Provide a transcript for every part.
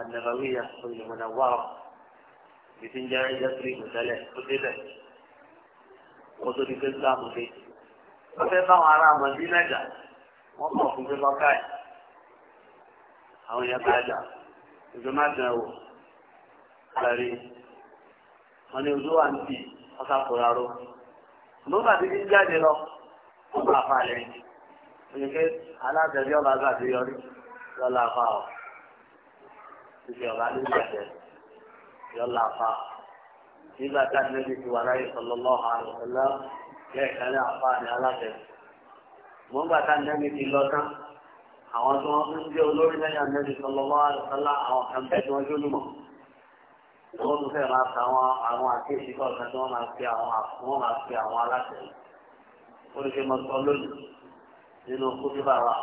النبوية المنورة بتنجا يسري مثلا كتبه وصدي كتاب في وفي على مدينة وقف في الركاية أو يبعد إذا ما تنوه lárí wọn ni ojú wa ń bì ọsà kóra ró lóba ti ń jáde lọ wọn bá fa lẹ́yìn òyìnbó alábẹ̀rẹ̀ ọba gbàdúrà yọrí lọ́la fa ọ síbi ọba nígbàjẹ yọlá fa nígbà tá níbi ti wà láyé sallallahu alaihi wasallam lẹ́ẹ̀kan ní àfa ní alábẹ mọ gbà tá níbi ti lọ tán àwọn tí wọn ń jẹ olórí lẹ́yìn níbi sallallahu alaihi wasallam àwọn kan bẹ́ẹ̀ tí wọn jó lùmọ wọn tún fẹ́ẹ̀ máa fa àwọn àwọn àkéèsí kọ̀ọ̀kan tí wọn máa fi àwọn wọn máa fi àwọn aláṣẹ olùkẹ́ mọ́tò lónìí nínú kútúbà wa.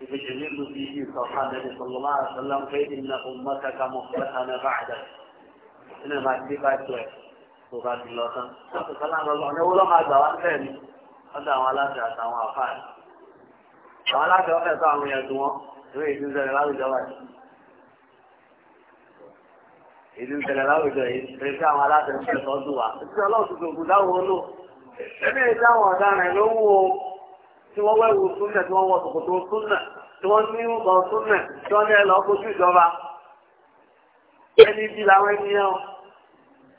يجمل فيه صلى الله عليه وسلم فإن أمتك مختلفة بعدك إنما تبعت وبعد الله سلام الله نقول ما دوان فين هذا ولا جاتا وافان ولا جاتا سامي يدوم يريد زلال الجواد يريد زلال الجواد يريد سامي لا تنسى صوتوا الله سبحانه وتعالى ẹni ìdáhùn ọ̀daràn ló ń wo tí wọ́n wẹ̀wù súnà tí wọ́n wọ ṣòkòtò súnà tí wọ́n ní ìwọ̀n súnà tí wọ́n ní ẹ̀lọ́ kojú ìjọba ẹni bí làwọn ènìyàn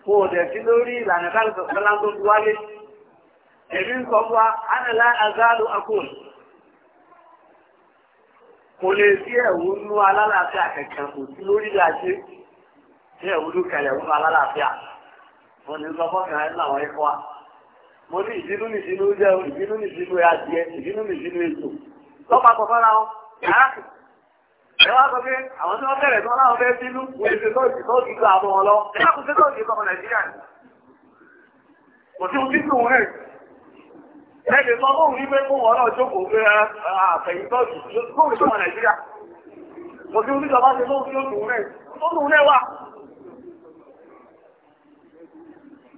kò dẹ̀ sí lórí ìlànà káàkiri tó wáyé èmi ń fún wa ánàlá azáàlú akóòlù kò lè sí ẹ̀wù nú alálàáfíà kẹ̀kẹ́ kò sí lórí ìlàjé sí ẹ̀wù lókàlẹ̀ ẹ̀wù alálàáfíà wọ́n ní sọ fọ́kànlá mo ní ìbínú ní ìbínú jẹ́ ìbínú ní ìbínú adìẹ ìbínú ní ìbínú ètò lọ́pàá àpọ̀ wọn yàrá ẹ wá sọ pé àwọn tí wọ́n bẹ̀rẹ̀ tí wọ́n láwọn fẹ́ bínú mo ti ṣe tọ́ọ̀kì tọ́ọ̀kì gba àbọ̀ wọn lọ ẹ kò ṣe tọ́ọ̀kì ọmọ nàìjíríà ni kò sí ojú tó rẹ̀ ẹ lè sọ fóun ní pé fún wọn náà jókòó pé ah, ah, àfẹ̀yìn tọ́ọ̀kì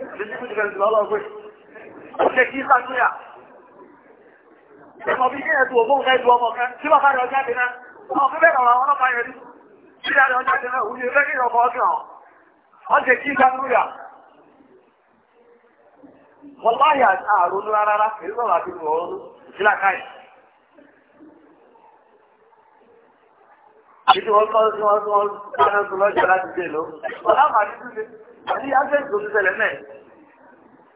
Lójúkú kí sáàkúyà. Ẹmọ̀ bí kí ẹ̀tù ògbóhùn ẹ̀dù ọmọ kan, tí bàbá rẹ̀ ọjá dínà, Ìdí wọn kọ́ sí wọn tí wọ́n dáná tó lọ́jà láti dé ló. Ọlá màá ní túnṣe, àti Access ló ti ṣẹlẹ̀ náà.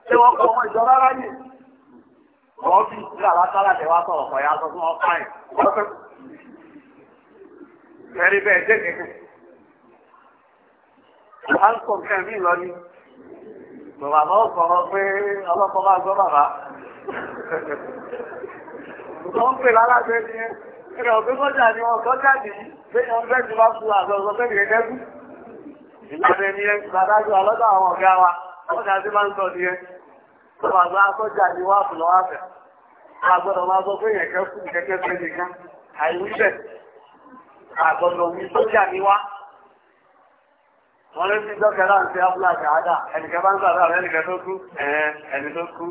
Ṣé wọ́n kọ́ ọmọ ìjọ rárá yìí? Wọ́n fi látara lè wá sọ̀rọ̀ pọ̀ sọ fún wọn fáìn. Ẹ̀rí bẹ́ẹ̀ dé kékeré. Wọ́n á kọ̀ nǹkan mí lọ Bàbá náà sọ̀rọ̀ pé ọlọ́pàá máa gbọ́ bàbá. Wọ́n ń pè lálábẹ́ ni ẹ̀rọ pé kọjá ni wọn kọjá ní pé wọn alọ́dọ̀ àwọn ọ̀gá wa máa ń sọ ní ẹ àgbọ̀dọ̀ máa sọ kẹ́ fún fẹ́ nìkan àìwúṣẹ̀ àgbọ̀dọ̀ wá wọ́n lé sí dọ́kẹ́ ṣe bá ń rẹ̀ tó kú ẹni tó kú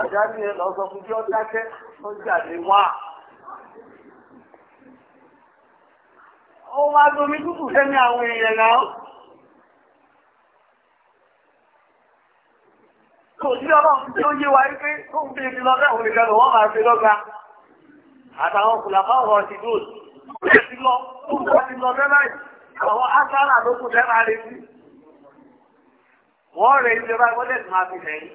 ọ̀dà ni lọ sọ fún bí ó dákẹ́ ó jáde wá. ó wá domi tútù sẹ́ni àwọn èèyàn náà. kò sí ọlọ́run tí ó yé wa wípé tó ń bèèrè lọ lẹ́hùn nìkan lọ wọ́n máa fi lọ́gá àtàwọn kùlàfà ọ̀rọ̀ ti dùn ó ti lọ tó ń bọ́ ti lọ lẹ́nà àwọn ására ló kù lẹ́nà rẹ̀ wọ́n rẹ̀ ìjọba gbọ́dẹ̀ tó máa fi lẹ́yìn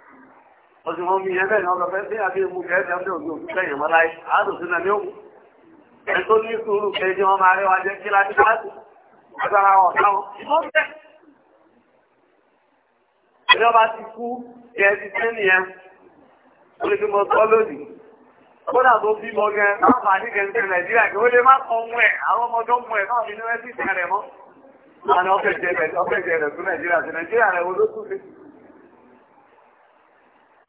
ọdún wọn bí ẹgbẹ́ náà lọ́fẹ́ sí àbí mú kẹ́ẹ̀kẹ́ ọdún ògbò kẹ́yìn mọ́ láyé àádùsí náà ní òkú ẹni tó ní sùúrù kẹ́ẹ̀kẹ́ wọn máa rẹwà jẹ́ kí láti láti agbára ọ̀tá wọn ìbọn tẹ̀. ìjọba ti kú kí ẹ ti tẹ́ nìyẹn ó lè fi mọ sọ lónìí kódà tó bí mọ gẹ láǹfà ní kẹntẹ nàìjíríà kí ó lè má kọ mú ẹ àwọn ọmọ mú ẹ náà fi ní wẹ́sì sí nàìjíríà rẹ̀ wo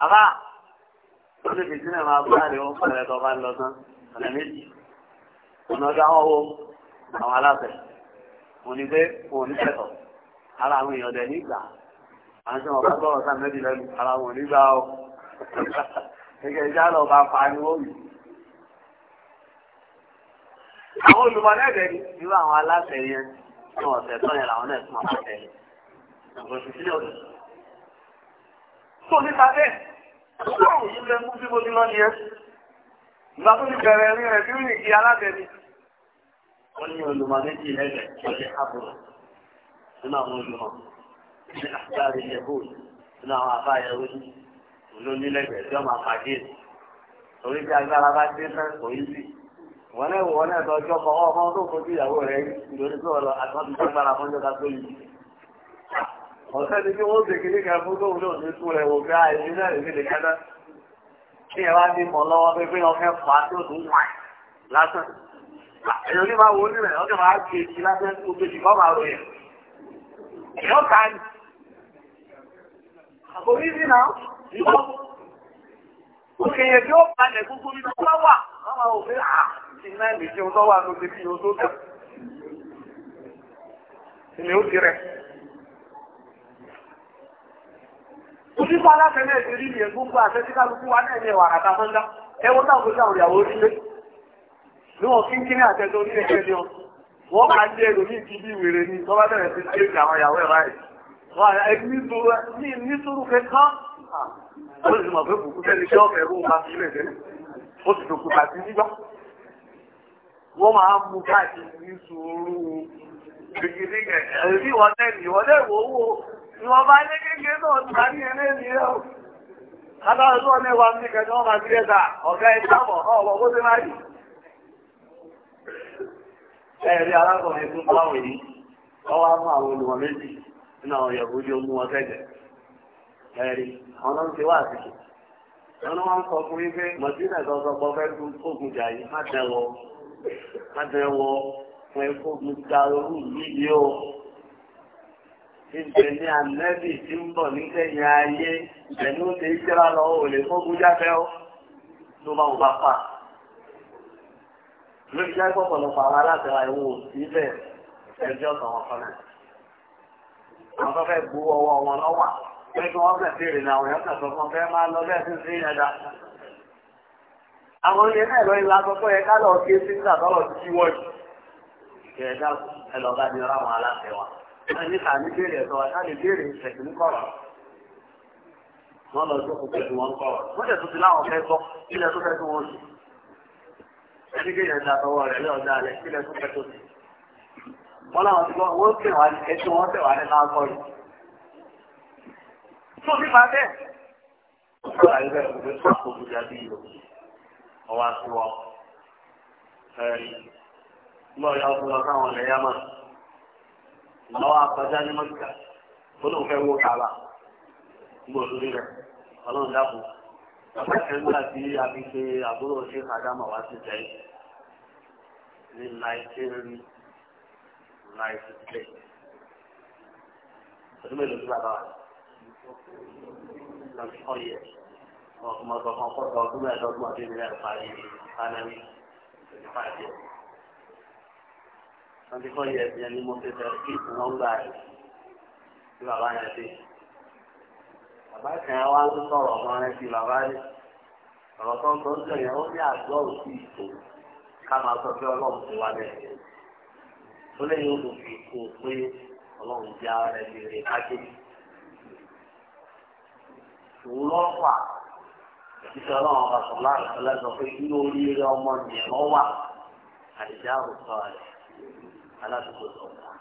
àbá ó lè fi sílẹ̀ máa bá rẹ̀ wọ́n pẹ̀lẹ́ tó bá lọ tán ọ̀nà méjì ọ̀nà ọjà wọn wo àwọn aláṣẹ wọn ni pé wọn ò ní tẹ̀tọ̀ ara àwọn èèyàn dẹ̀ nígbà àwọn tí wọn bá gbọ́rọ̀ sáà méjì lẹ́nu ara wọn nígbà o gẹ́gẹ́ ìjà lọ bá pa ni wọ́n yìí. àwọn olùmọ̀lẹ́gbẹ̀ẹ́ ni irú àwọn aláṣẹ yẹn tí ọ̀sẹ̀ tán yẹn làwọn náà tún máa tẹ̀lé. Ọlọ́run yìí lẹ mú bí mo ti lọ ní ẹ. Ìgbà tó ti bẹ̀rẹ̀ rí rẹ̀ bí rìn kí alábẹ̀ni. Wọ́n ní olùmọ̀ méjì lẹ́gbẹ̀ẹ́ ọjọ́ àbúrò nínú àwọn olùmọ̀. Ní àtàrí ẹ̀bù nínú àwọn àbá ẹ̀rọ ní olónílẹ̀gbẹ̀ẹ́ tí wọ́n máa pàdé. Torí bí agbára bá dé náà kò í sí. Wọ́n náà wọ́n ọ̀sẹ́ ni bí wọ́n ṣe kí nígbà fún tóun ní tú rẹ̀ wò bí i ní ní lè kẹ́dá kí ẹ wá ní mọ̀ lọ́wọ́ pé pé ọkẹ́ fà á tó tún wà lásán ah, èèyàn ní máa wo nílẹ̀ ọkẹ́ máa gbé ti lásán tó gbé ti kọ́ máa rò yẹn èèyàn ká ní. àkòrí sí náà ìwọ òkè tí ó balẹ̀ gbogbo nínú ọlá wà wọ́n máa wò pé à ah, ti náà lè jẹun lọ́wọ́ àtòkè tí o tó tẹ̀. ìlú ti rẹ̀. Onípa alátẹ̀lẹ̀ ìṣèlú ni ẹ̀gbọ́n gba àṣẹ tí wa náà ní ẹ̀wà àràtà fọ́njá. Ẹ wọ́n táwọn ojú ìyàwó orílẹ̀. Ní wọn kí ń kí ní àtẹ̀tẹ̀ onílẹ̀ kẹ́lẹ́ wọn. Wọ́n máa ń jẹ́ ẹlòmíì ti ìwèrè ni wọ́n bẹ̀rẹ̀ sí ṣe àwọn ìyàwó ẹ̀ Wọ́n àyà nítorú fẹ́ kán. Ó sì mọ̀ pé bùkún tẹ́lẹ̀ ìwọ̀nba ilé kékeré náà ta ní ẹlé ìlú Adájọ́ ọ̀nà ìwà ní kẹjọ ọmọ àti ẹ̀ta ti na ìbẹ̀ni ànẹ́bì tí ń bọ̀ ní kẹ́yìn ayé ìbẹ̀ni ó ti jẹ́ra lọ ò lè fọ́gún jáfẹ́ ó ló bá wù bá fà. lórí jáde pọ̀pọ̀lọpọ̀ àwọn alátẹ̀wá ìwò síbẹ̀ ẹjọ́ ọ̀sán wọn àwọn tó fẹ́ bu ọwọ́ wọn lọ́wà pé kí wọ́n bẹ̀ẹ̀ àwọn ilé náà wọ́n lọ sí òkùnkùn tí wọ́n wọ́n jẹ́ tó ti láwọn fẹ́ gbọ́ ilẹ̀ tó fẹ́ tó wọ́n wọ́n láwọn ti gbọ́ wọ́n pè wá ní ẹtí wọ́n tẹ̀ ní láńkọ́ rẹ̀ tó àwọn àpàjá ní mọ́tíkà ó lóun fẹ́ wó kàrà gbò lórí rẹ̀ ọlọ́run dáàbò bàbá ìfẹ́ nígbà tí a fi ṣe àbúrò ṣe kàdámà wá sí jẹ́ ní nàìjíríà nàìjíríà ọdún mélòó ti bàbá wa lọ sí ọyẹ ọmọ ọgbọ̀n kan kọ́ ọdún mẹ́ẹ̀ẹ́dọ́gbọ̀n àti ìrìnlẹ̀ ìparí ìparí ìparí twenty four years yẹn ni mo fi fẹ́ kí nọ́mbà rẹ̀ tí bàbá yẹn dé. Bàbá kan wá ń sọ̀rọ̀ ọmọ rẹ̀ sí bàbá rẹ̀. Ọ̀rọ̀ tó ń tó ń sọ yẹn ó ní àgbọ̀ òsì ìkó ká máa sọ pé ọlọ́run ti wá lẹ̀. Ó lè yóò fi kó o pé ọlọ́run jẹ́ ara rẹ̀ lè kájé. Òun lọ́ fà títí ọlọ́run ọba sọ̀rọ̀ láàrín ọlọ́sọ pé inú oríire ọmọ nìyẹn lọ́wà àdìjá òkú ọ̀rẹ́ aládùúgbò tó ń bá.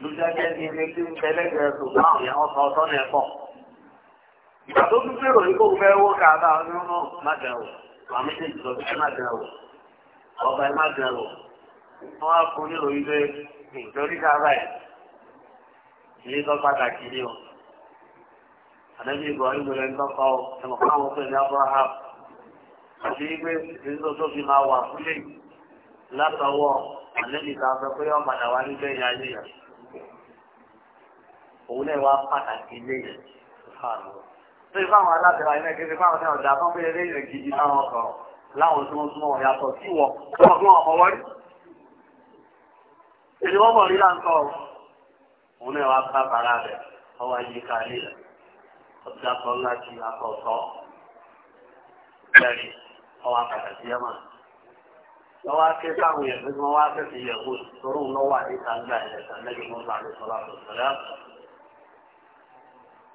Lùdájẹ́ ni ilé tí ń tẹ́lẹ̀gbẹ̀ẹ́ tó bá àwọn ìyàwó sọ ní ẹ̀kọ́. Ìgbà tó tún fèrò yìí kò fẹ́ wó kàdá ọdún náà má dẹ̀wò. Wà mí ṣe jùlọ sí má dẹ̀wò. Ọba ẹ má dẹ̀wò. Wọ́n á fún nílò ilé nítorí kàdá ẹ̀. Ilé tó pàtàkì ni o. Àdébí ìgbọ̀ ìgbọ̀lẹ̀ ń tọ́kọ ẹ̀mọ̀ fáwọn pè ní àlẹ́lì ta sọ pé ọmọ àdá wa nígbẹ́ ìyá ilé yẹn òun náà wá pàtàkì ilé yẹn fáàlú. tó ìfá àwọn alábẹ̀rẹ̀ àyẹ̀mẹ́ kéde fáwọn tí wọ́n dà fún pé eré gidi láwọn ọkọ̀ láwọn tí wọ́n súnmọ́ yàtọ̀ sí wọ tó wọ́n fún ọmọ wọ́rí. èdè wọ́n bọ̀ rí láǹkọ̀ òun náà wá bá bàrà rẹ̀ ọwọ́ ayé ká ilé rẹ̀ ọ̀dà kan láti akọ̀ọ̀tọ̀ bẹ̀rẹ̀ ọwọ́ àpàtàkì yẹn máa lọ́wọ́ ké sáwọn yẹn fún wọn wá tẹ̀sí yẹ̀kú torí wọn lọ́wọ́ àti kàńgà yẹn sànẹ́bí wọn bá lè sọ́lá tó sọ́lá.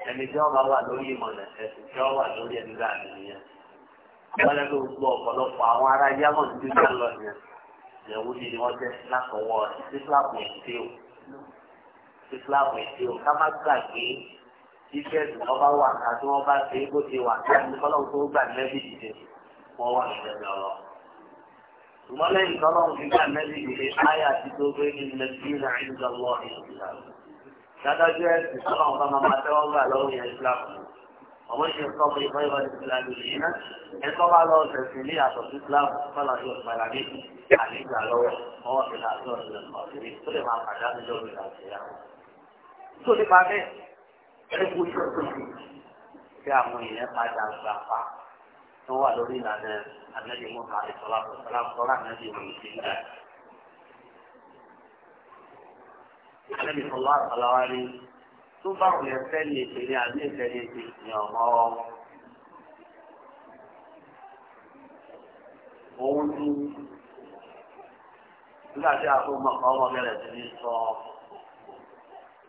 ẹni tí wọn bá wà lórí ìmọ̀lẹ̀ ẹ̀sìn tí wọn wà lórí ẹni bá mi nìyẹn. wọn lè gbọ́ ọ̀pọ̀lọpọ̀ àwọn ará yámọ̀ ní bí wọn lọ yẹn yẹ̀wù ni wọ́n jẹ́ látọwọ́ sísíláàpù ètí o sísíláàpù ètí o ká má gbàgbé iṣẹ́ tí wọ́n bá wà àti wọ́n bá ṣe é bó ti wà kí ṣùgbọ́n lẹ́yìn tọ́lọ́run fi bá nẹ́bí ìwé ayà ti tó gbé ní ilẹ̀ sí ilẹ̀ àìsàn lọ ìsìlámù. dádájú ẹ̀sìn tọ́lọ́run bá máa tẹ́wọ́ gbà lọ́wọ́ yẹn ìsìlámù. ọmọ ìṣe sọ pé ìfọ́ ìwà ìsìlámù yìí ná ẹ̀kọ́ bá lọ tẹ̀sìn ní àtọ̀ sí ìsìlámù tọ́lá yóò padà ní àlejò lọ́wọ́ ọwọ́ fi láàtọ̀ ìlẹ̀ ọ̀sẹ̀ tó lè máa padà ní lórí ìlàjẹ̀yà. tó nípa bẹ́ẹ̀ ẹ tó wà lórí ìlànà ànábì Mùsá àìsọ̀rọ̀ àtọ̀rọ̀ ànábì òun ti ń dà. ànábì sọ̀rọ̀ àtọ̀lọ́wá ni tó bá wù yẹn fẹ́ lè pè ní àbí ìfẹ́ lè pè ní ọmọ òun ni nígbà tí a kó mọ̀ ọmọ bẹ̀rẹ̀ sí ní sọ